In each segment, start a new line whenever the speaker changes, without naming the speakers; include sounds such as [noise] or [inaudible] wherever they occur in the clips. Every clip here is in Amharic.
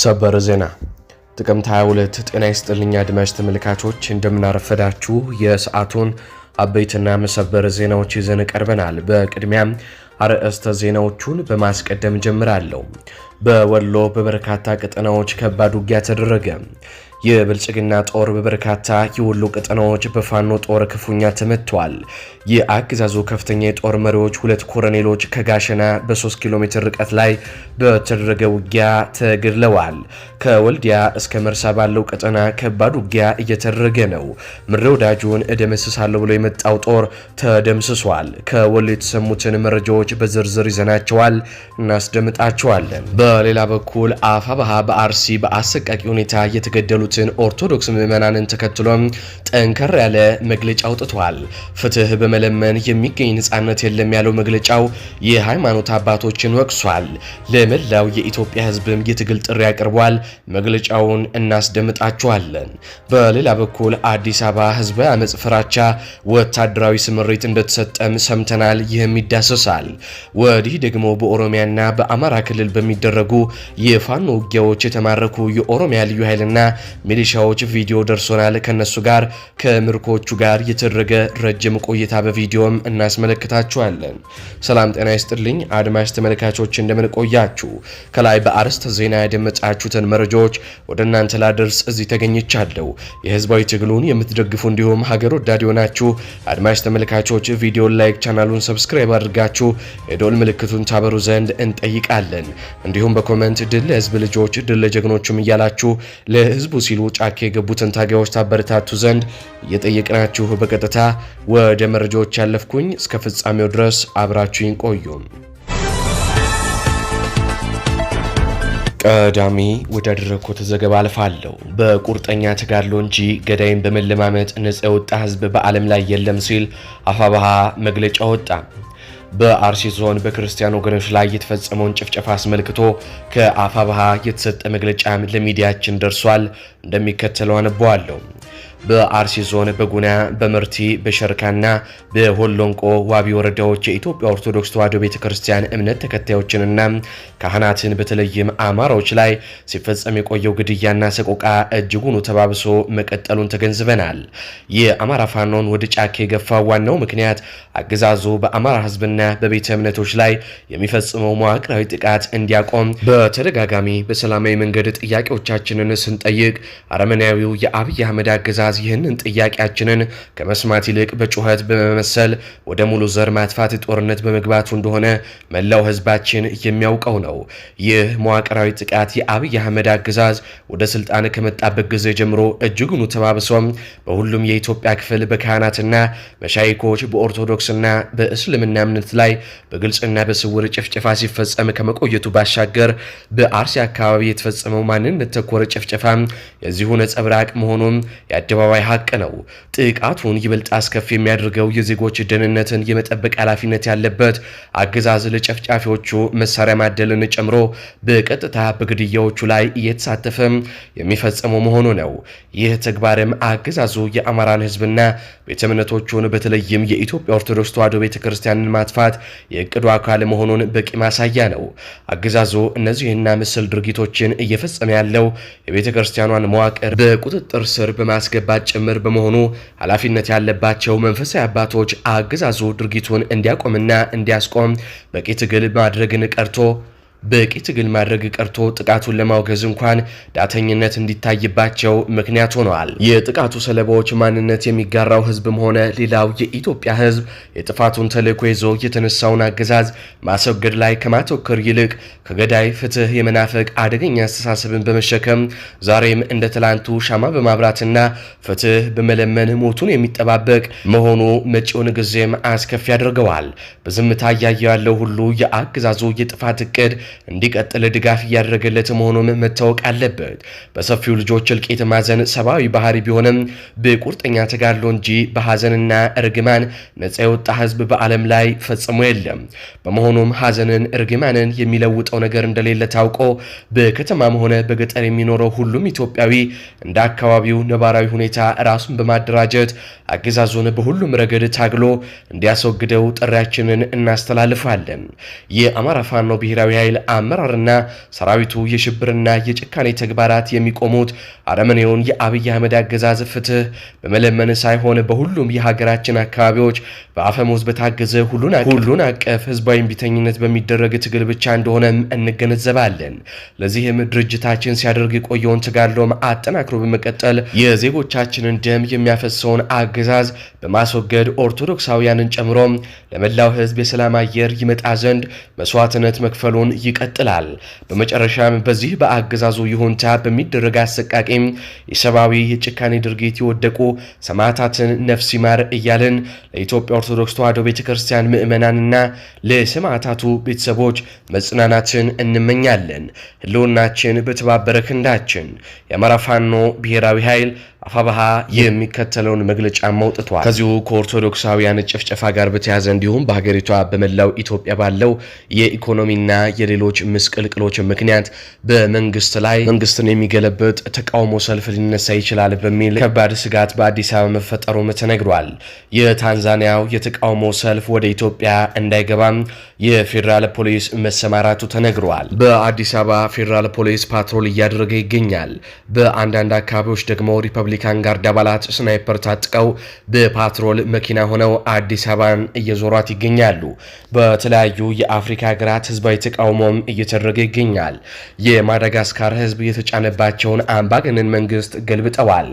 ሰበር ዜና ጥቅምት 22 ጤና ይስጥልኝ አድማጭ ተመልካቾች፣ እንደምናረፈዳችሁ የሰዓቱን አበይትና መሰበር ዜናዎች ይዘን ቀርበናል። በቅድሚያም አርዕስተ ዜናዎቹን በማስቀደም ጀምራለሁ። በወሎ በበርካታ ቀጠናዎች ከባድ ውጊያ ተደረገ። የብልጽግና ጦር በበርካታ የወሎ ቀጠናዎች በፋኖ ጦር ክፉኛ ተመቷል። የአገዛዙ ከፍተኛ የጦር መሪዎች ሁለት ኮሎኔሎች ከጋሸና በ3 ኪሎ ሜትር ርቀት ላይ በተደረገ ውጊያ ተገድለዋል። ከወልዲያ እስከ መርሳ ባለው ቀጠና ከባድ ውጊያ እየተደረገ ነው። ምሬ ወዳጁን እደመስሳለሁ ብሎ የመጣው ጦር ተደምስሷል። ከወሎ የተሰሙትን መረጃዎች በዝርዝር ይዘናቸዋል፣ እናስደምጣቸዋለን። በሌላ በኩል አፋባሃ በአርሲ በአሰቃቂ ሁኔታ የተገደሉትን ኦርቶዶክስ ምዕመናንን ተከትሎም ጠንከር ያለ መግለጫ አውጥቷል። ፍትህ በመለመን የሚገኝ ነጻነት የለም ያለው መግለጫው የሃይማኖት አባቶችን ወቅሷል። ለመላው የኢትዮጵያ ህዝብም የትግል ጥሪ አቅርቧል። መግለጫውን እናስደምጣችኋለን። በሌላ በኩል አዲስ አበባ ህዝበ አመፅ ፍራቻ ወታደራዊ ስምሪት እንደተሰጠም ሰምተናል። ይህም ይዳሰሳል። ወዲህ ደግሞ በኦሮሚያና በአማራ ክልል በሚደረጉ የፋኖ ውጊያዎች የተማረኩ የኦሮሚያ ልዩ ኃይልና ሚሊሻዎች ቪዲዮ ደርሶናል። ከነሱ ጋር ከምርኮቹ ጋር የተደረገ ረጅም ቆይታ በቪዲዮም እናስመለክታችኋለን። ሰላም ጤና ይስጥልኝ አድማጭ ተመልካቾች እንደምንቆያችሁ ከላይ በአርዕስተ ዜና ያደመጣችሁትን መረጃዎች ወደ እናንተ ላደርስ እዚህ ተገኝቻለሁ። የህዝባዊ ትግሉን የምትደግፉ እንዲሁም ሀገር ወዳድ የሆናችሁ አድማጭ ተመልካቾች ቪዲዮን ላይክ፣ ቻናሉን ሰብስክራይብ አድርጋችሁ የዶል ምልክቱን ታበሩ ዘንድ እንጠይቃለን። እንዲሁም በኮመንት ድል ለህዝብ ልጆች ድል ለጀግኖችም እያላችሁ ለህዝቡ ሲሉ ጫካ የገቡትን ታጋዮች ታበረታቱ ዘንድ እየጠየቅናችሁ በቀጥታ ወደ መረጃዎች ያለፍኩኝ። እስከ ፍጻሜው ድረስ አብራችሁኝ ቆዩ። ቀዳሚ ወዳደረኩት ዘገባ አልፋለሁ። በቁርጠኛ ተጋድሎ እንጂ ገዳይን በመለማመጥ ነጻ የወጣ ህዝብ በዓለም ላይ የለም ሲል አፋባሃ መግለጫ ወጣ። በአርሲ ዞን በክርስቲያን ወገኖች ላይ የተፈጸመውን ጭፍጨፋ አስመልክቶ ከአፋባሃ የተሰጠ መግለጫ ለሚዲያችን ደርሷል። እንደሚከተለው አነበዋለሁ። በአርሲ ዞን በጉና በምርቲ በሸርካና በሆሎንቆ ዋቢ ወረዳዎች የኢትዮጵያ ኦርቶዶክስ ተዋሕዶ ቤተክርስቲያን እምነት ተከታዮችንና ካህናትን በተለይም አማራዎች ላይ ሲፈጸም የቆየው ግድያና ሰቆቃ እጅጉኑ ተባብሶ መቀጠሉን ተገንዝበናል። የአማራ ፋኖን ወደ ጫካ የገፋው ዋናው ምክንያት አገዛዙ በአማራ ሕዝብና በቤተ እምነቶች ላይ የሚፈጽመው መዋቅራዊ ጥቃት እንዲያቆም በተደጋጋሚ በሰላማዊ መንገድ ጥያቄዎቻችንን ስንጠይቅ አረመናዊው የአብይ አህመድ አገዛ አገዛዝ ይህንን ጥያቄያችንን ከመስማት ይልቅ በጩኸት በመመሰል ወደ ሙሉ ዘር ማጥፋት ጦርነት በመግባቱ እንደሆነ መላው ህዝባችን የሚያውቀው ነው። ይህ መዋቅራዊ ጥቃት የአብይ አህመድ አገዛዝ ወደ ስልጣን ከመጣበት ጊዜ ጀምሮ እጅጉኑ ተባብሶም በሁሉም የኢትዮጵያ ክፍል በካህናትና መሻይኮች በኦርቶዶክስና በእስልምና እምነት ላይ በግልጽና በስውር ጭፍጨፋ ሲፈጸም ከመቆየቱ ባሻገር በአርሲ አካባቢ የተፈጸመው ማንነት ተኮረ ጭፍጨፋ የዚሁ ነጸብራቅ መሆኑም ያደ አደባባይ ሀቅ ነው። ጥቃቱን ይበልጥ አስከፊ የሚያደርገው የዜጎች ደህንነትን የመጠበቅ ኃላፊነት ያለበት አገዛዝ ለጨፍጫፊዎቹ መሳሪያ ማደልን ጨምሮ በቀጥታ በግድያዎቹ ላይ እየተሳተፈ የሚፈጸመው መሆኑ ነው። ይህ ተግባርም አገዛዙ የአማራን ህዝብና ቤተ እምነቶቹን በተለይም የኢትዮጵያ ኦርቶዶክስ ተዋሕዶ ቤተ ክርስቲያንን ማጥፋት የእቅዱ አካል መሆኑን በቂ ማሳያ ነው። አገዛዙ እነዚህና ምስል ድርጊቶችን እየፈጸመ ያለው የቤተ ክርስቲያኗን መዋቅር በቁጥጥር ስር በማስገ ማስገባት ጭምር በመሆኑ ኃላፊነት ያለባቸው መንፈሳዊ አባቶች አገዛዙ ድርጊቱን እንዲያቆምና እንዲያስቆም በቂ ትግል ማድረግን ቀርቶ በቂ ትግል ማድረግ ቀርቶ ጥቃቱን ለማውገዝ እንኳን ዳተኝነት እንዲታይባቸው ምክንያት ሆነዋል። የጥቃቱ ሰለባዎች ማንነት የሚጋራው ህዝብም ሆነ ሌላው የኢትዮጵያ ህዝብ የጥፋቱን ተልዕኮ ይዞ የተነሳውን አገዛዝ ማስወገድ ላይ ከማተኮር ይልቅ ከገዳይ ፍትህ የመናፈቅ አደገኛ አስተሳሰብን በመሸከም ዛሬም እንደ ትላንቱ ሻማ በማብራትና ፍትህ በመለመን ሞቱን የሚጠባበቅ መሆኑ መጪውን ጊዜም አስከፊ አድርገዋል። በዝምታ እያየው ያለው ሁሉ የአገዛዙ የጥፋት እቅድ እንዲቀጥል ድጋፍ እያደረገለት መሆኑም መታወቅ አለበት። በሰፊው ልጆች እልቂት ማዘን ሰብአዊ ባህሪ ቢሆንም በቁርጠኛ ተጋድሎ እንጂ በሐዘንና እርግማን ነጻ የወጣ ህዝብ በዓለም ላይ ፈጽሞ የለም። በመሆኑም ሐዘንን እርግማንን የሚለውጠው ነገር እንደሌለ ታውቆ በከተማም ሆነ በገጠር የሚኖረው ሁሉም ኢትዮጵያዊ እንደ አካባቢው ነባራዊ ሁኔታ ራሱን በማደራጀት አገዛዙን በሁሉም ረገድ ታግሎ እንዲያስወግደው ጥሪያችንን እናስተላልፋለን። የአማራ ፋኖ ብሔራዊ ኃይል ኃይል አመራርና ሰራዊቱ የሽብርና የጭካኔ ተግባራት የሚቆሙት አረመኔውን የአብይ አህመድ አገዛዝ ፍትህ በመለመን ሳይሆን በሁሉም የሀገራችን አካባቢዎች በአፈሙዝ በታገዘ ሁሉን አቀፍ ህዝባዊ እምቢተኝነት በሚደረግ ትግል ብቻ እንደሆነም እንገነዘባለን። ለዚህም ድርጅታችን ሲያደርግ የቆየውን ተጋድሎም አጠናክሮ በመቀጠል የዜጎቻችንን ደም የሚያፈሰውን አገዛዝ በማስወገድ ኦርቶዶክሳውያንን ጨምሮ ለመላው ህዝብ የሰላም አየር ይመጣ ዘንድ መስዋዕትነት መክፈሉን ይቀጥላል። በመጨረሻም በዚህ በአገዛዙ ይሁንታ በሚደረግ አሰቃቂም የሰብአዊ የጭካኔ ድርጊት የወደቁ ሰማዕታትን ነፍስ ይማር እያልን ለኢትዮጵያ ኦርቶዶክስ ተዋሕዶ ቤተ ክርስቲያን ምዕመናንና ለሰማዕታቱ ቤተሰቦች መጽናናትን እንመኛለን። ህልውናችን በተባበረ ክንዳችን። የአማራ ፋኖ ብሔራዊ ኃይል አፋባሃ የሚከተለውን መግለጫ አውጥቷል። ከዚሁ ከኦርቶዶክሳውያን ጭፍጨፋ ጋር በተያዘ እንዲሁም በሀገሪቷ በመላው ኢትዮጵያ ባለው የኢኮኖሚና የሌሎች ምስቅልቅሎች ምክንያት በመንግስት ላይ መንግስትን የሚገለበጥ ተቃውሞ ሰልፍ ሊነሳ ይችላል በሚል ከባድ ስጋት በአዲስ አበባ መፈጠሩም ተነግሯል። የታንዛኒያው የተቃውሞ ሰልፍ ወደ ኢትዮጵያ እንዳይገባም የፌዴራል ፖሊስ መሰማራቱ ተነግሯል። በአዲስ አበባ ፌዴራል ፖሊስ ፓትሮል እያደረገ ይገኛል። በአንዳንድ አካባቢዎች ደግሞ ሪፐብሊክ የአሜሪካን ጋርድ አባላት ስናይፐር ታጥቀው በፓትሮል መኪና ሆነው አዲስ አበባን እየዞሯት ይገኛሉ። በተለያዩ የአፍሪካ ሀገራት ህዝባዊ ተቃውሞም እየተደረገ ይገኛል። የማዳጋስካር ህዝብ የተጫነባቸውን አምባገነን መንግስት ገልብጠዋል።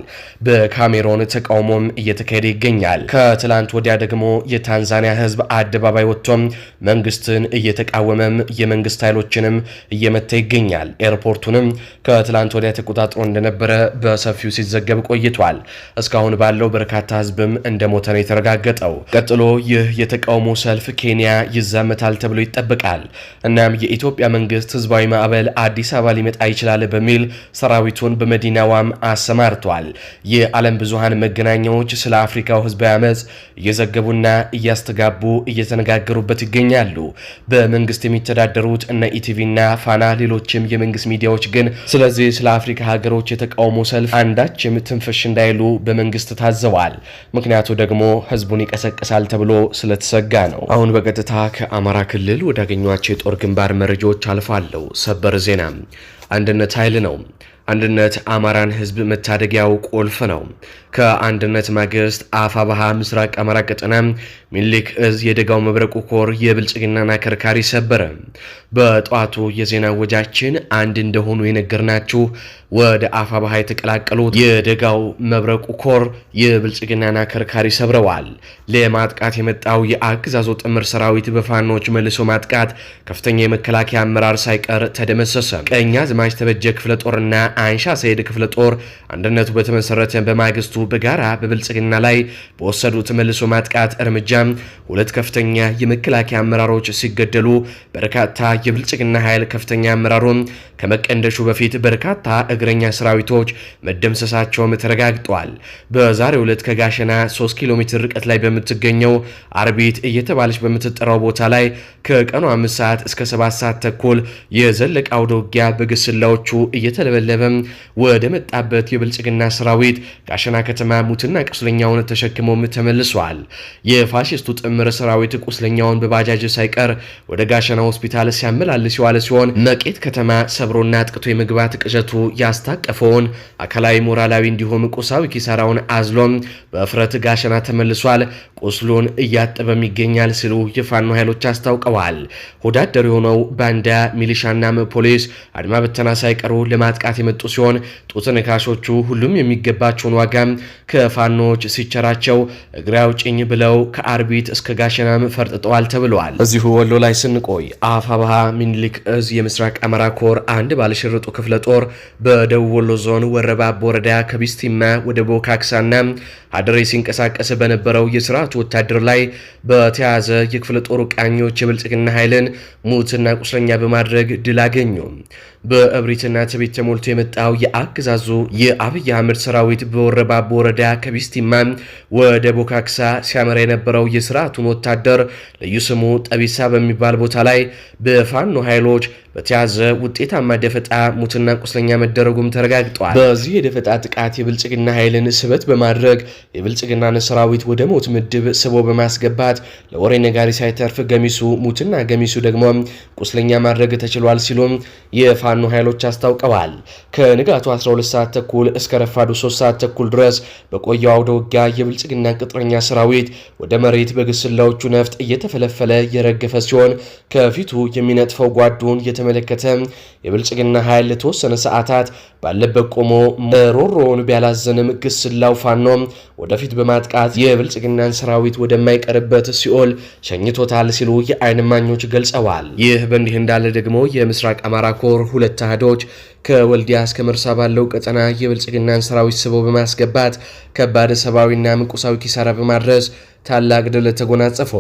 በካሜሮን ተቃውሞም እየተካሄደ ይገኛል። ከትላንት ወዲያ ደግሞ የታንዛኒያ ህዝብ አደባባይ ወጥቶም መንግስትን እየተቃወመም የመንግስት ኃይሎችንም እየመታ ይገኛል። ኤርፖርቱንም ከትላንት ወዲያ ተቆጣጥሮ እንደነበረ በሰፊው ሲዘገብ ቆይቷል። እስካሁን ባለው በርካታ ህዝብም እንደሞተ ነው የተረጋገጠው። ቀጥሎ ይህ የተቃውሞ ሰልፍ ኬንያ ይዛመታል ተብሎ ይጠበቃል። እናም የኢትዮጵያ መንግስት ህዝባዊ ማዕበል አዲስ አበባ ሊመጣ ይችላል በሚል ሰራዊቱን በመዲናዋም አሰማርቷል። የዓለም ብዙሃን መገናኛዎች ስለ አፍሪካው ህዝባዊ አመፅ እየዘገቡና እያስተጋቡ እየተነጋገሩበት ይገኛሉ። በመንግስት የሚተዳደሩት እነ ኢቲቪና ፋና ሌሎችም የመንግስት ሚዲያዎች ግን ስለዚህ ስለ አፍሪካ ሀገሮች የተቃውሞ ሰልፍ አንዳችም ትንፍሽ እንዳይሉ በመንግስት ታዘዋል። ምክንያቱ ደግሞ ህዝቡን ይቀሰቅሳል ተብሎ ስለተሰጋ ነው። አሁን በቀጥታ ከአማራ ክልል ወዳገኟቸው የጦር ግንባር መረጃዎች አልፋለሁ። ሰበር ዜና አንድነት ኃይል ነው። አንድነት አማራን ህዝብ መታደጊያው ቁልፍ ነው። ከአንድነት ማግስት አፋባሃ ምስራቅ አማራ ቀጠና ሚኒሊክ እዝ የደጋው መብረቁ ኮር የብልጽግናን አከርካሪ ሰበረ። በጠዋቱ የዜና ወጃችን አንድ እንደሆኑ የነገርናችሁ ወደ አፋባሃ የተቀላቀሉት የደጋው መብረቁ ኮር የብልጽግናን አከርካሪ ሰብረዋል። ለማጥቃት የመጣው የአገዛዙ ጥምር ሰራዊት በፋኖች መልሶ ማጥቃት ከፍተኛ የመከላከያ አመራር ሳይቀር ተደመሰሰ። ቀኝ አዝማች ተበጀ ክፍለ ጦርና አንሻ ሰይድ ክፍለ ጦር አንድነቱ በተመሰረተ በማግስቱ በጋራ በብልጽግና ላይ በወሰዱት መልሶ ማጥቃት እርምጃ ሁለት ከፍተኛ የመከላከያ አመራሮች ሲገደሉ በርካታ የብልጽግና ኃይል ከፍተኛ አመራሩን ከመቀንደሹ በፊት በርካታ እግረኛ ሰራዊቶች መደምሰሳቸውም ተረጋግጧል። በዛሬው ዕለት ከጋሸና 3 ኪሎ ሜትር ርቀት ላይ በምትገኘው አርቢት እየተባለች በምትጠራው ቦታ ላይ ከቀኑ 5 ሰዓት እስከ 7 ሰዓት ተኩል የዘለቀ አውደ ውጊያ በግስላዎቹ እየተለበለበም ወደ መጣበት የብልጽግና ሰራዊት ጋሸና ከተማ ሙትና ቁስለኛውን ተሸክሞም ተመልሷል። የፋሽስቱ ጥምር ሰራዊት ቁስለኛውን በባጃጅ ሳይቀር ወደ ጋሸና ሆስፒታል ሲያመላልስ የዋለ ሲሆን መቄት ከተማ ሰብሮና አጥቅቶ የመግባት ቅዠቱ ያ ያስታቀፈውን አካላዊ፣ ሞራላዊ እንዲሁም ቁሳዊ ኪሳራውን አዝሎም በእፍረት ጋሸና ተመልሷል፣ ቁስሉን እያጠበም ይገኛል ሲሉ የፋኖ ኃይሎች አስታውቀዋል። ሆዳደር የሆነው ባንዳ ሚሊሻና ፖሊስ አድማ በተና ሳይቀሩ ለማጥቃት የመጡ ሲሆን ጡት ነካሾቹ ሁሉም የሚገባቸውን ዋጋ ከፋኖች ሲቸራቸው እግሬ አውጭኝ ብለው ከአርቢት እስከ ጋሸናም ፈርጥጠዋል ተብለዋል። እዚሁ ወሎ ላይ ስንቆይ አፋባሃ ሚኒሊክ እዝ የምስራቅ አማራ ኮር አንድ ባለሽርጡ ክፍለ ጦር በ በደቡብ ወሎ ዞን ወረባቦ ወረዳ ከቢስቲማ ወደ ቦካክሳና አድሬ ሲንቀሳቀስ በነበረው የስርዓቱ ወታደር ላይ በተያዘ የክፍለ ጦሩ ቃኞች የብልጽግና ኃይልን ሙትና ቁስለኛ በማድረግ ድል አገኙ። በእብሪትና ትቢት ተሞልቶ የመጣው የአገዛዙ የአብይ አህመድ ሰራዊት በወረባቦ ወረዳ ከቢስቲማ ወደ ቦካክሳ ሲያመራ የነበረው የስርዓቱን ወታደር ልዩ ስሙ ጠቢሳ በሚባል ቦታ ላይ በፋኖ ኃይሎች በተያዘ ውጤታማ ደፈጣ ሙትና ቁስለኛ መደረጉም ተረጋግጧል። በዚህ የደፈጣ ጥቃት የብልጽግና ኃይልን ስበት በማድረግ የብልጽግናን ሰራዊት ወደ ሞት ምድብ ስቦ በማስገባት ለወሬ ነጋሪ ሳይተርፍ ገሚሱ ሙትና ገሚሱ ደግሞ ቁስለኛ ማድረግ ተችሏል ሲሉም የፋ የፋኖ ኃይሎች አስታውቀዋል። ከንጋቱ 12 ሰዓት ተኩል እስከ ረፋዱ 3 ሰዓት ተኩል ድረስ በቆየው አውደ ውጊያ የብልጽግና ቅጥረኛ ሰራዊት ወደ መሬት በግስላዎቹ ነፍጥ እየተፈለፈለ የረገፈ ሲሆን ከፊቱ የሚነጥፈው ጓዱን የተመለከተ የብልጽግና ኃይል ለተወሰነ ሰዓታት ባለበት ቆሞ መሮሮውን ቢያላዘንም ግስላው ፋኖ ወደፊት በማጥቃት የብልጽግናን ሰራዊት ወደማይቀርበት ሲኦል ሸኝቶታል ሲሉ የአይን ማኞች ገልጸዋል። ይህ በእንዲህ እንዳለ ደግሞ የምስራቅ አማራ ኮር ሁለት አህዶች ከወልዲያ እስከ መርሳ ባለው ቀጠና የብልጽግናን ሰራዊት ስበው በማስገባት ከባድ ሰብአዊና ምቁሳዊ ኪሳራ በማድረስ ታላቅ ድል ተጎናጸፉ።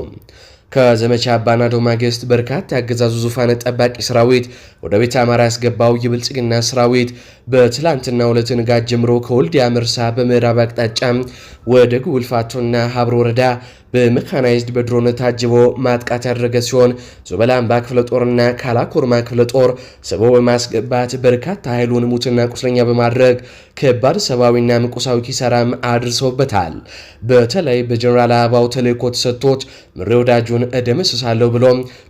ከዘመቻ አባናዶ ማግስት በርካታ ያገዛዙ ዙፋን ጠባቂ ሰራዊት ወደ ቤተ አማራ ያስገባው የብልጽግና ሰራዊት በትላንትና ሁለት ንጋት ጀምሮ ከወልዲያ መርሳ በምዕራብ አቅጣጫ ወደ ጉብልፋቶና ሀብሮ ወረዳ በመካናይዝድ በድሮን ታጅቦ ማጥቃት ያደረገ ሲሆን ዞበላምባ ክፍለ ጦርና ካላኮርማ ክፍለ ጦር ስቦ በማስገባት በርካታ ኃይሉን ሙትና ቁስለኛ በማድረግ ከባድ ሰብአዊና ምቁሳዊ ኪሳራም አድርሰውበታል። በተለይ በጀኔራል አበባው ተልእኮ ተሰጥቶት ምሬ ወዳጁን እደመስሳለሁ ብሎ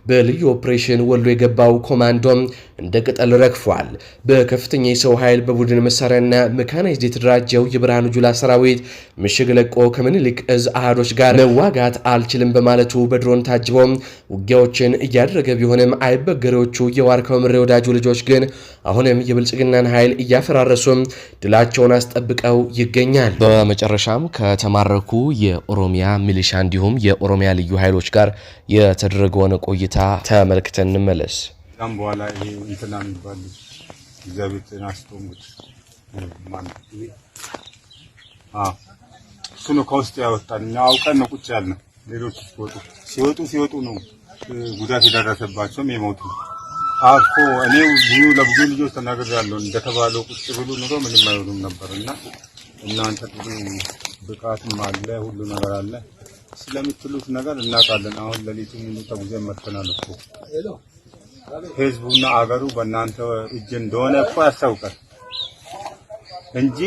በልዩ ኦፕሬሽን ወሎ የገባው ኮማንዶም እንደ ቅጠል ረግፏል። በከፍተኛ የሰው ኃይል በቡድን መሳሪያና መካናይዝድ የተደራጀው የብርሃኑ ጁላ ሰራዊት ምሽግ ለቆ ከምኒልክ እዝ አህዶች ጋር መዋጋት አልችልም በማለቱ በድሮን ታጅቦ ውጊያዎችን እያደረገ ቢሆንም አይበገሬዎቹ የዋርካው ምሬ ወዳጁ ልጆች ግን አሁንም የብልጽግናን ኃይል እያፈራረሱም ድላ ስርዓታቸውን አስጠብቀው ይገኛል። በመጨረሻም ከተማረኩ የኦሮሚያ ሚሊሻ እንዲሁም የኦሮሚያ ልዩ ኃይሎች ጋር የተደረገውን ቆይታ ተመልክተን እንመለስ።
ዛም በኋላ ይሄ እንትና የሚባል እግዚአብሔርን አስቶሙት እሱ ነው ከውስጥ ያወጣል። እኛ አውቀን ነው ቁጭ ያልነው። ሌሎች ሲወጡ ሲወጡ ሲወጡ ነው ጉዳት የደረሰባቸውም የሞቱ አኮ እኔ ብዙ ለብዙ ልጆች ተናግሬያለሁ። እንደተባለው ቁጭ ብሉ ኑሮ ምንም አይሆኑም ነበር እና እናንተ ብዙ ብቃትም አለ ሁሉ ነገር አለ ስለምትሉት ነገር እናውቃለን። አሁን ለሊቱ ሙሉ ተጉዘን መጥተናል እኮ ህዝቡና አገሩ በእናንተ እጅ እንደሆነ እኮ ያስታውቃል እንጂ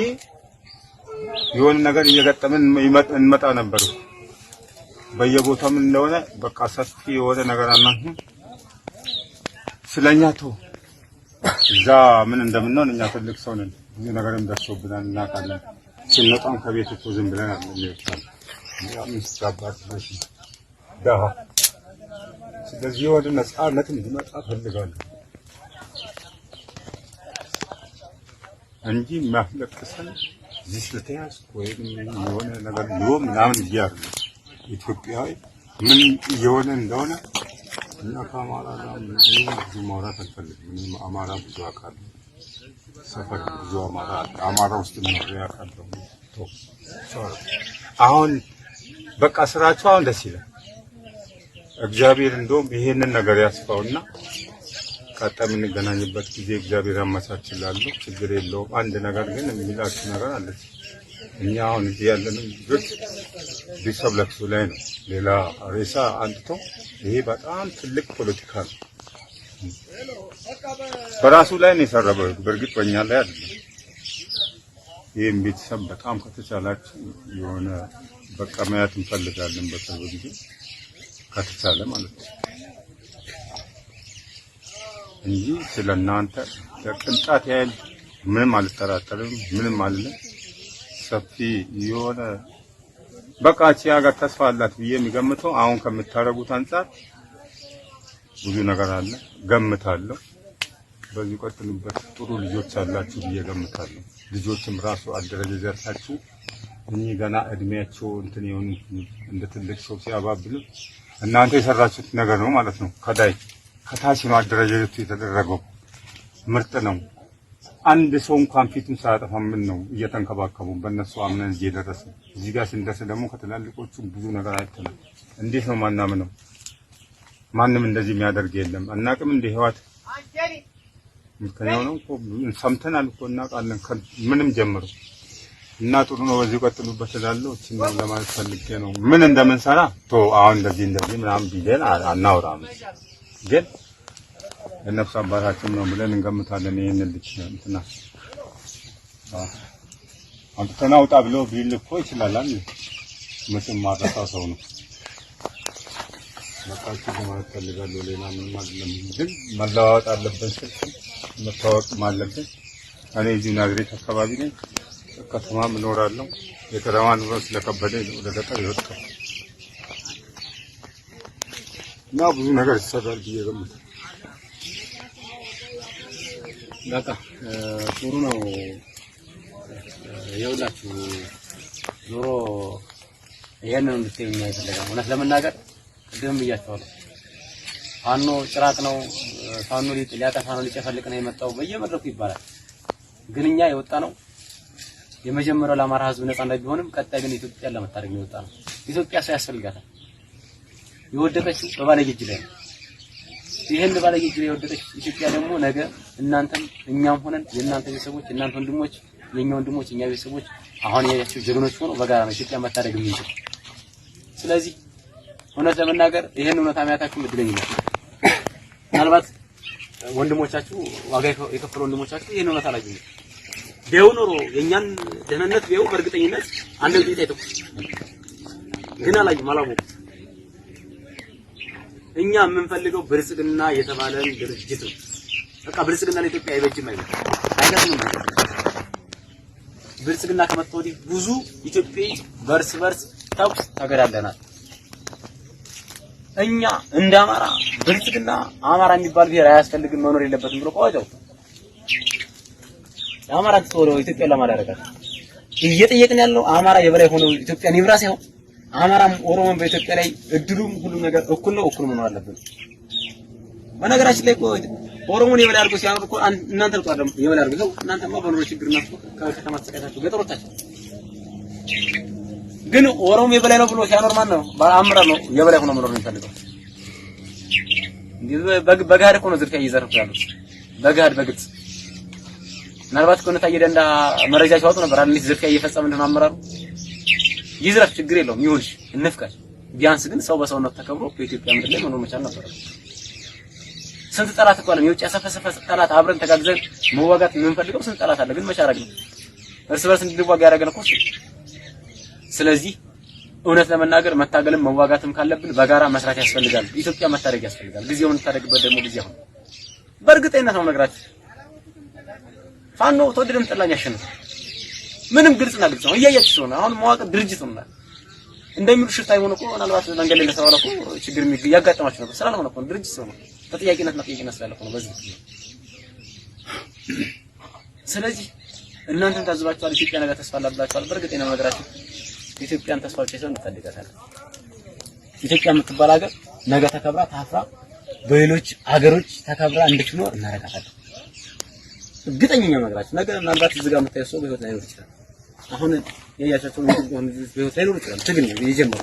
የሆነ ነገር እየገጠምን እንመጣ ነበር። በየቦታም እንደሆነ በቃ ሰፊ የሆነ ነገር አናንተ ስለኛ ቶ እዛ ምን እንደምንሆን እኛ ትልቅ ሰው ነን። ብዙ ነገርም ደርሶብናል እናውቃለን። ስንወጣም ከቤት እኮ ዝም ብለን አለሚወጣል ምስጋባት በሺ ደሃ ስለዚህ ወደ ነጻነት እንድመጣ ፈልጋለሁ እንጂ የሚያስለቅሰን እዚህ ስለተያዝኩ ወይም የሆነ ነገር ሊሆን ምናምን እያሉ ኢትዮጵያዊ ምን እየሆነ እንደሆነ እና ከአማራ ጋር ብዙ ማውራት አልፈልግም። እኔም አማራ ብዙ አውቃለሁ። ሰፈር ብዙ አማራ አማራ ውስጥ ኖሬ አውቃለሁ። አሁን በቃ ስራቸው አሁን ደስ ይላል። እግዚአብሔር እንደውም ይሄንን ነገር ያስፋውና ቀጣይ የምንገናኝበት ጊዜ እግዚአብሔር ያመቻችላሉ። ችግር የለውም። አንድ ነገር ግን የሚላችሁ ነገር አለች እኛ አሁን እዚህ ያለንም ልጆች ቤተሰብ ለቅሶ ላይ ነው። ሌላ ሬሳ አንድቶ ይሄ በጣም ትልቅ ፖለቲካ ነው። በራሱ ላይ ነው የሰረበው። በእርግጥ በእኛ ላይ አይደለም። ይህም ቤተሰብ በጣም ከተቻላች የሆነ በቃ መያት እንፈልጋለን። በቅርብ ጊዜ ከተቻለ ማለት ነው እንጂ ስለ እናንተ ቅንጣት ያህል ምንም አልጠራጠርም፣ ምንም አልልም። ሰፊ የሆነ በቃ እቺ ሀገር ተስፋ አላት ብዬ የሚገምተው አሁን ከምታደርጉት አንጻር ብዙ ነገር አለ ገምታለሁ። በዚህ ቀጥሉበት፣ ጥሩ ልጆች አላችሁ ብዬ ገምታለሁ። ልጆችም ራሱ ዘርታችሁ እኚህ ገና እድሜያቸው እንትን የሆኑ እንደ ትልቅ ሰው ሲያባብሉ እናንተ የሰራችሁት ነገር ነው ማለት ነው። ከላይ ከታች ነው አደረጃጀቱ የተደረገው። ምርጥ ነው። አንድ ሰው እንኳን ፊቱን ሳያጠፋ ምን ነው እየተንከባከቡ በእነሱ አምነን እዚህ የደረሰ እዚህ ጋር ስንደርስ ደግሞ ከትላልቆቹ ብዙ ነገር አይተናል። እንዴት ነው ማናምነው? ማንም እንደዚህ የሚያደርግ የለም። አናቅም እንደ ህይወት ምክንያው ነው እኮ ሰምተናል እኮ እናውቃለን። ምንም ጀምሮ እና ጥሩ ነው በዚህ ቀጥሉበት እላለሁ። እቺ ነው ለማለት ፈልጌ ነው። ምን እንደምንሰራ ቶ አሁን እንደዚህ እንደዚህ ምናምን ቢለን አናውራም ግን የነፍስ አባታችን ነው ብለን እንገምታለን። ይህን ልጅ እንትና አንተና ውጣ ብሎ ቢል እኮ ይችላል። መቼም ማረሳ ሰው ነው። መጣችሁ ማለት ፈልጋለሁ። ሌላ ምንም አይደለም፣ ግን መለዋወጥ አለብን፣ መታወቅም አለብን። እኔ እዚህ ናዝሬት አካባቢ ነኝ፣ ከተማም እኖራለሁ። የከተማ ኑሮ ስለከበደ ወደ ገጠር ይወጣል እና ብዙ ነገር ይሰራል ብዬ ገምታለሁ። በቃ ጥሩ ነው። የሁላችሁ ኑሮ ይሄንን እንድትይው እኛ እውነት ለመናገር ቅድም ብያቸዋለሁ። ፋኖ ጭራቅ ነው፣ ፋኖ ሊያጠፋ ነው፣ ሊጨፈልቅ ነው የመጣው በየመድረኩ ይባላል። ግን እኛ የወጣ ነው የመጀመሪያው ለአማራ ሕዝብ ነጻነት ቢሆንም ቀጣይ ግን ኢትዮጵያን ለመታደግ የወጣ ነው። ኢትዮጵያ ሰው ያስፈልጋታል። የወደቀችው በባለጌ እጅ ላይ ነው። ይህን ባለጌ ጅሬ የወደቀች ኢትዮጵያ ደግሞ ነገ እናንተም እኛም ሆነን የእናንተ ቤተሰቦች እናንተ ወንድሞች የኛ ወንድሞች እኛ ቤተሰቦች አሁን ያያቸው ጀግኖች ሆኖ በጋራ ነው ኢትዮጵያ መታደግ የሚችል። ስለዚህ እውነት ለመናገር ይህን እውነት አሚያታችሁ እድለኝነት ምናልባት ወንድሞቻችሁ ዋጋ የከፈሉ ወንድሞቻችሁ ይህን እውነት አላገኙም። ቢያዩ ኖሮ የእኛን ደህንነት ቢያዩ በእርግጠኝነት አንድ ልጅ አይተኩስ ግን አላየም አላወቁም። እኛ የምንፈልገው ብልጽግና የተባለን ድርጅት ነው። በቃ ብልጽግና ለኢትዮጵያ አይበጅም አይደል? አይነቱም ብልጽግና ከመጣ ወዲህ ብዙ ኢትዮጵያዊ በርስ በርስ ተኩስ ተገዳለናል። እኛ እንደ አማራ ብልጽግና አማራ የሚባል ብሔር አያስፈልግም መኖር የለበትም ብሎ ቆጆ አማራ ተወለው ኢትዮጵያ ለማዳረጋት እየጠየቅን ያለው አማራ የበላይ ሆኖ ኢትዮጵያን ይብራስ ሳይሆን አማራም ኦሮሞም በኢትዮጵያ ላይ እድሉም ሁሉም ነገር እኩል ነው። እኩል መኖር አለብን። በነገራችን ላይ ኦሮሞን የበላይ አድርጎ ሲያኖር እኮ እናንተ ልቆ አይደለም የበላይ አድርጎ ሰው እናንተማ በኑሮ ችግር ነው ከተማ ተሰቃያችሁ ገጠሮቻችሁ። ግን ኦሮሞ የበላይ ነው ብሎ ሲያኖር ማን ነው? በአምራ ነው የበላይ ሆኖ መኖር ነው የሚፈልገው። በጋድ እኮ ነው ዝርፊያ እየዘረፉ ያሉት በጋድ በግልጽ ምናልባት ከሆነ ታየ ደንዳ መረጃ ሲያወጡ ነበር አንዲት ዝርፊያ እየፈጸመ እንደሆነ ይዝራፍ ችግር የለውም ይሁንሽ፣ እንፍቀር። ቢያንስ ግን ሰው በሰውነት ተከብሮ በኢትዮጵያ ምድር ላይ መኖር መቻል ነበረ። ስንት ጠላት እኮ አለ፣ የውጭ ያሰፈሰፈ ጠላት። አብረን ተጋግዘን መዋጋት የምንፈልገው ስንት ጠላት አለ። ግን መቻረግ ነው እርስ በርስ እንድንዋጋ ያደረገን እኮ። ስለዚህ እውነት ለመናገር መታገልም መዋጋትም ካለብን በጋራ መስራት ያስፈልጋል። ኢትዮጵያ መታደግ ያስፈልጋል። ጊዜው የምንታደግበት ደግሞ ጊዜ አሁን በእርግጠኝነት ነው ነግራችሁ ፋኖ ተወደደም ጠላኝ ያሸንፋል። ምንም ግልጽና ግልጽ ነው። እያያችሁ ስለሆነ አሁን መዋቅር ድርጅት ነው ማለት እንደሚሉ ሽፍታ የሆነ እኮ ምናልባት መንገድ ላይ ስለሆነ እኮ ችግር ያጋጠማችሁ ነበር። ስላልሆነ እኮ ድርጅት ስለሆነ ተጠያቂነት እና ተጠያቂነት ስላለ እኮ ነው በዚህ ስለዚህ እናንተን ታዝባችኋል። ኢትዮጵያ ነገር ተስፋ አላብላችኋል። በእርግጥ ነው ነገራችሁ ኢትዮጵያን ተስፋዎች ይዘን እንፈልጋታለን። ኢትዮጵያ የምትባል ሀገር ነገ ተከብራ ታፍራ በሌሎች ሀገሮች ተከብራ እንድትኖር እናረጋታለን። እርግጠኛ ነገራችሁ ነገር ምናልባት እዚህ ጋር የምታየው ሰው በህይወት ላይ ይችላል አሁን የያሻቸው ምንም ህይወት ላይ ይችላል። ትግል ነው የጀመሩ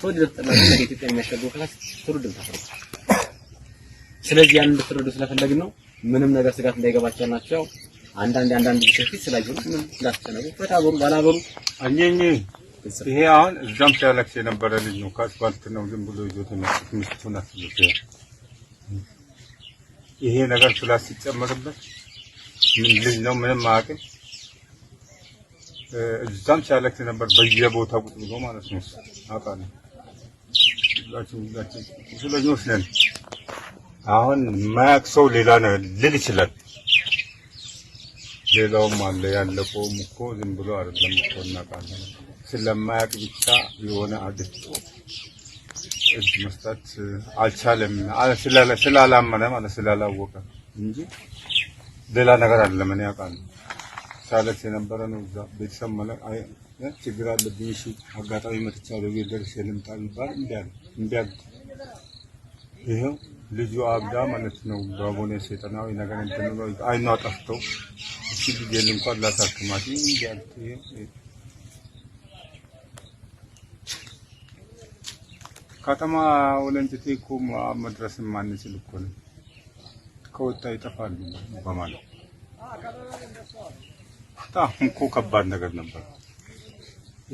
ተወደደ ተጠላለ ኢትዮጵያ የሚያሻግሩ ከታች ትውልድ ተፈሩ። ስለዚህ ያን እንድትረዱ ስለፈለግን ነው። ምንም ነገር ስጋት እንዳይገባቸው ናቸው። አንዳንድ አንዳንድ ቢሸፊት ስላዩ ምንም ላስተነቡ በታበሩ ባላበሩ አኘኝ ይሄ አሁን እዛም ሲያለቅስ የነበረ ልጅ ነው። ከአስፋልት ነው ዝም ብሎ ይዞት ነው ምስቱን አስብት ይሄ ነገር ስላስ ሲጨመርበት ምን ልጅ ነው ምንም አያውቅም። እዛም ሻለክት ነበር በየቦታ ቁጭ ብሎ ማለት ነው። አውቃለሁ ስለኞች ነን። አሁን ማያውቅ ሰው ሌላ ነው ልል ይችላል። ሌላውም አለ ያለቀውም እኮ ዝም ብሎ አይደለም እኮ እናውቃለን። ስለማያቅ ብቻ የሆነ አድፍጦ እጅ መስጠት አልቻለም፣ ስላላመነ ማለት ስላላወቀ እንጂ ሌላ ነገር አይደለም። እኔ አውቃለሁ ሳለት የነበረ ነው። እዛ ቤተሰብ ችግር አለብኝ እሺ አጋጣሚ መጥቻለሁ ቤት ደርሼ ልምጣ ቢባል እንዲያል ይኸው ልጁ አብዳ ማለት ነው። ባቦነ ሰይጣናዊ ነገር እንትን ነው። አይኗ ጠፍቶ እቺ ልጅ እንኳን ላሳክማት እንዲያል ከተማ ወለንጭቴ እኮ መድረስ ማንችል እኮ ነው። ከወጣ ይጠፋሉ በማለት በጣም እኮ ከባድ ነገር ነበር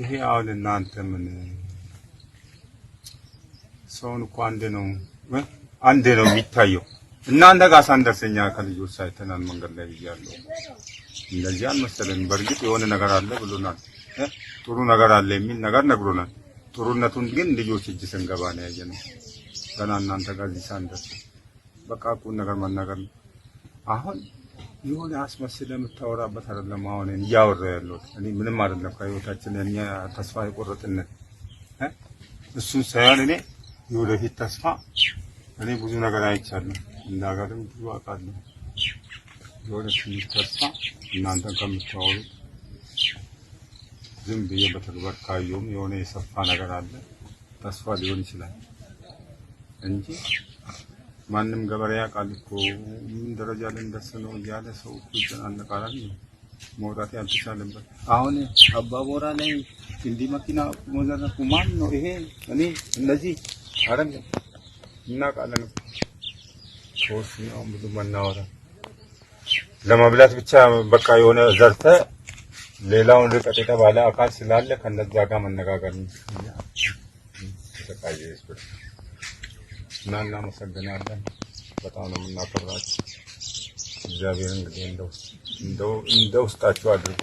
ይሄ። አሁን እናንተ ምን ሰውን እኮ አንድ ነው አንድ ነው የሚታየው። እናንተ ጋር ሳንደርሰኛ ከልጆች ሳይተናል መንገድ ላይ ብያለሁ። እንደዚህ አልመሰለንም። በእርግጥ የሆነ ነገር አለ ብሎናል። ጥሩ ነገር አለ የሚል ነገር ነግሮናል። ጥሩነቱን ግን ልጆች እጅ ስንገባ ነው ያየነው። ገና እናንተ ጋር እዚህ ሳንደርስ በቃ ቁም ነገር መናገር ነው አሁን የሆነ አስመስል ስለምታወራበት አይደለም። አሁን እያወራ ያለው እኔ ምንም አይደለም። ከህይወታችን እኛ ተስፋ የቆረጥነት እሱን ሳይሆን እኔ የወደፊት ተስፋ እኔ ብዙ ነገር አይቻለሁ፣ እንደ ሀገርም ብዙ አውቃለሁ። የሆነ ተስፋ እናንተ ከምታወሩት ዝም ብዬ በተግባር ካየሁም የሆነ የሰፋ ነገር አለ ተስፋ ሊሆን ይችላል እንጂ ማንም ገበሬ ያውቃል እኮ ምን ደረጃ ላይ እንደሰ ነው እያለ ሰው እኮ ይጨናነቃል። መውጣት ያልተቻለበት አሁን አባቦራ ላይ እንዲህ መኪና አቁሞ ዘረፉ። ማን ነው ይሄ? እኔ እንደዚህ አይደለም እናውቃለን። ሰዎች ነው ብዙ መናወራ ለመብላት ብቻ በቃ የሆነ ዘርተ ሌላውን ርቀት የተባለ አካል ስላለ ከነዛ ጋር መነጋገር ነው። እና እናመሰግናለን። በጣም ነው የምናከብራችሁ። እግዚአብሔር እንግዲህ እንደው እንደ ውስጣችሁ አድርጎ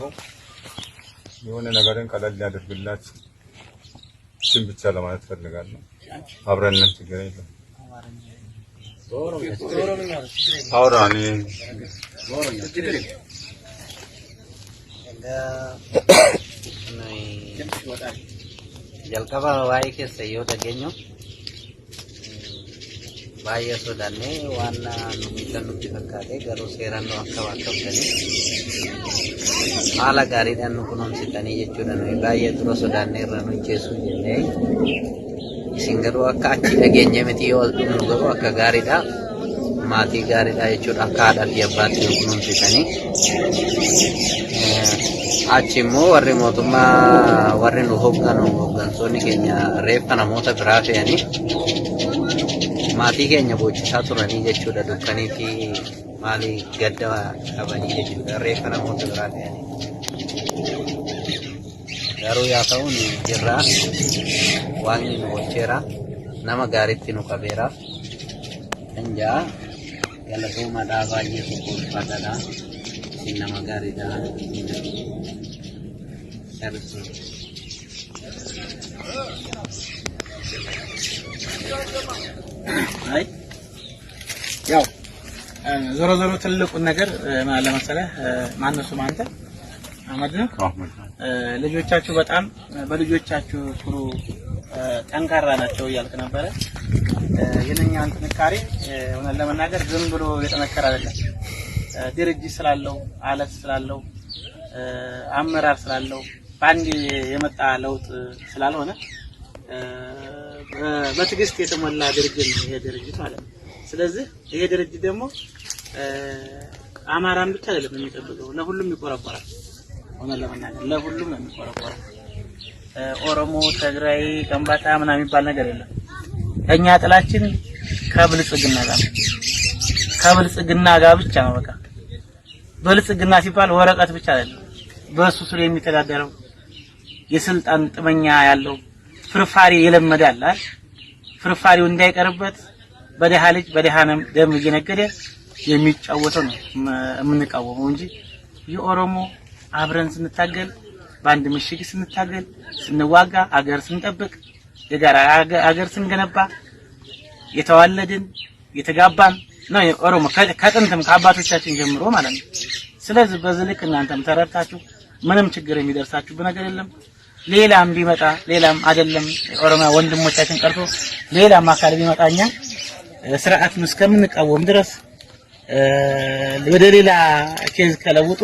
የሆነ ነገርን ቀለል ያደርግላችሁ። እችን ብቻ ለማለት ፈልጋለሁ። አብረን ነን፣ ችግር የለም። አውራ
[coughs] እኔ jalqaba waa'ee keessa yoo ಬಾಯಿ ಹೆಸರುದನ್ನೇ ವಾನ್ನ ನುಗ್ಗಿಕೊಂಡು ನುಗ್ಗಿದಕ್ಕಾದೆ ಗರು ಸೇರನ್ನು ಅಕ್ಕವಾಗ್ತದೆ ಹಾಲ ಗಾರಿದನ್ನು ಕುಣಂಸಿದ್ದಾನೆ ಹೆಚ್ಚುದನ್ನು ಬಾಯಿ ಎದುರಸುದನ್ನೇ ರನ್ನು ಚೇಸುದಿಲ್ಲ ಸಿಂಗರು ಅಕ್ಕ ಅಚ್ಚಿದ ಗೆಂಜೆ ಮಿತಿಯೋ ಅದು ನುಗ್ಗರು ಅಕ್ಕ ಗಾರಿದ ಮಾತಿ ಗಾರಿದ ಹೆಚ್ಚು ಅಕ್ಕ ಆದಲ್ಲಿ ಅಬ್ಬಾತಿ ಕುಣಂಸಿದ್ದಾನೆ ಆಚಿಮ್ಮು ವರ್ರಿಮೋ ತುಂಬ ವರ್ರಿನು ಹೋಗ್ಗಾನು ಹೋಗ್ಗಾನು ಸೋನಿಗೆ ರೇಪನ ಮೂತ ಗ್ರಾಫೆಯಾನಿ mati kayaknya nyebut satu nanti dia sudah dukan ini mali gada apa ini dia sudah reka nama untuk baru ya tahu nih cerah wangi cerah nama garis tinu kabera enja kalau ya, rumah dava ini hukum pada dah si nama garisnya dah terus ያው ዞሮ ዞሮ ትልቁን ነገር ለመሰለህ ማነሱ ማንተ አህመድ ነው። ልጆቻችሁ በጣም በልጆቻችሁ ኩሩ፣ ጠንካራ ናቸው እያልክ ነበረ። የእኛን ጥንካሬ እውነት ለመናገር ዝም ብሎ የጠነከረ አይደለም። ድርጅት ስላለው አለት ስላለው አመራር ስላለው በአንድ የመጣ ለውጥ ስላልሆነ በትዕግስት የተሞላ ድርጅት ነው ይሄ ድርጅት ማለት ነው። ስለዚህ ይሄ ድርጅት ደግሞ አማራን ብቻ አይደለም የሚጠብቀው፣ ለሁሉም ይቆረቆራል። ሆነ ለመናገር ለሁሉም ነው የሚቆረቆረው። ኦሮሞ፣ ትግራይ፣ ከምባታ ምናምን የሚባል ነገር የለም። እኛ ጥላችን ከብልጽግና ጋር ከብልጽግና ጋር ብቻ ነው በቃ። ብልጽግና ሲባል ወረቀት ብቻ አይደለም። በሱ ስር የሚተዳደረው የስልጣን ጥመኛ ያለው ፍርፋሪ አይደል? ፍርፋሪው እንዳይቀርበት በደሃ ልጅ በደሃ ደም እየነገደ የሚጫወተው ነው የምንቃወመው እንጂ የኦሮሞ አብረን ስንታገል በአንድ ምሽግ ስንታገል ስንዋጋ አገር ስንጠብቅ የጋራ አገር ስንገነባ የተዋለድን የተጋባን ነው የኦሮሞ ከጥንትም ከአባቶቻችን ጀምሮ ማለት ነው። ስለዚህ በዚህ ልክ እናንተም ተረድታችሁ ምንም ችግር የሚደርሳችሁ ነገር የለም። ሌላም ቢመጣ ሌላም አይደለም ኦሮሚያ ወንድሞቻችን ቀርቶ ሌላም አካል ቢመጣኛ ስርዓቱን እስከምንቃወም ድረስ ወደ ሌላ ኬዝ ከለውጦ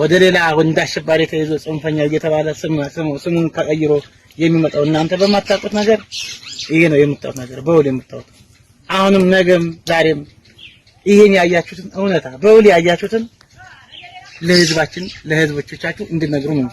ወደ ሌላ ወንድ አሸባሪ ተይዞ ጽንፈኛ እየተባለ ስሙን ተቀይሮ የሚመጣው እናንተ በማታውቁት ነገር ይሄ ነው የምታውቁት ነገር በውል የምታውቁት አሁንም ነገም ዛሬም ይሄን ያያችሁትን እውነታ በውል ያያችሁትን ለህዝባችን ለህዝቦቻችሁ እንድነግሩ ነው።